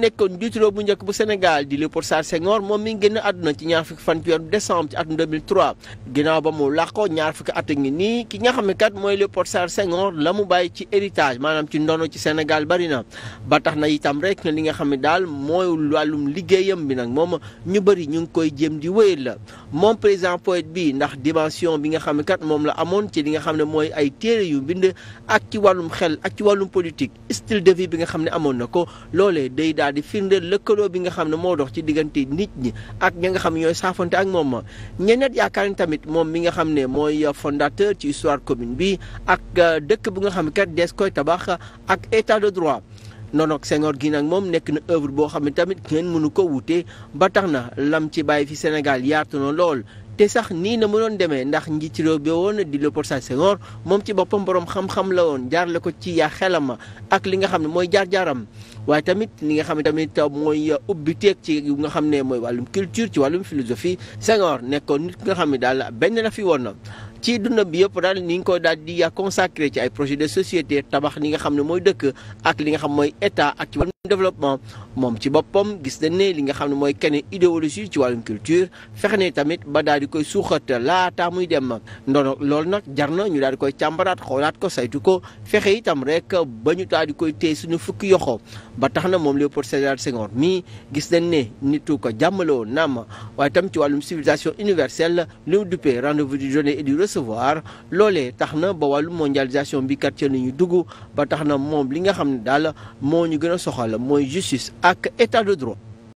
nekkoon njiitu réew bu njëkk bu Sénégal di Léopold Sédar Senghor moom mi ngi génn àdduna ci ñaar fukki fan ci weeru décembre ci atum 2003 ba mu làqoo ñaar fukki at ngi nii ki nga xam ne kat mooy Léopold Sédar Senghor la mu bàyyi ci héritage maanaam ci ndono ci Sénégal bari ba tax na itam rek nga xam daal mooy wàllum liggéeyam bi nag moom ñu bëri ñu ngi koy jéem di wéyal la moom président poète bi ndax dimension bi nga xam ne kat moom la amoon ci li nga xam ne mooy ay yu bind ak ci wàllum xel ak ci wàllum politique bi nga xam ne amoon na ko daal di firndeel lëkkaloo bi nga xam ne moo dox ci diggante nit ñi ak ñi nga xam ñooy saafante ak moom ma ñeneen yaakaar ni tamit moom mi nga xam ne mooy fondateur ci histoire commune bi ak euh, dëkk bu nga xam ne des koy tabax ak état de droit noonu ak Senghor gi nag moom nekk na œuvre boo xam ne tamit ngeen mënu ko wute ba tax na lam ci bàyyi fi Sénégal yaatu na lool te sax nii na mënoon demee ndax njiit réew bi woon di Léopold Sédar Senghor moom ci boppam boroom xam-xam la woon jaar la ko ci yaa xelam ak li nga xam ne mooy jaar-jaaram waaye tamit li nga xam ne tamit mooy ubbi teeg ci li nga xam ne mooy wàllum culture ci wàllum philosophie Senghor nekkoon nit ki nga xam ne daal benn la fi woon ci dund bi yëpp daal ni nga ko daal di yaa consacré ci ay projet de société tabax li nga xam ne mooy dëkk ak li nga xam mooy état ak ci wàllum développement moom ci boppam gis nañ ne li nga xam ne mooy kenn idéologie ci wàllum culture fexe ne tamit ba daal di koy suuxat laataa muy dem ndono loolu nag jar na ñu daal di koy càmbaraat xoolaat ko saytu ko fexe itam rek ba ñu daal di koy téye suñu fukki yoxo ba tax na moom Léopold Sédar Senghor mii gis nañ ne nitu ko jàmmale woon naam waaye tam ci wàllum civilisation universelle li mu duppee rendez-vous du donner et du recevoir loolee tax na ba wàllum mondialisation bi kat ci la ñu dugg ba tax na moom li nga xam ne daal moo ñu gën a soxal mooy justice ak état de droit.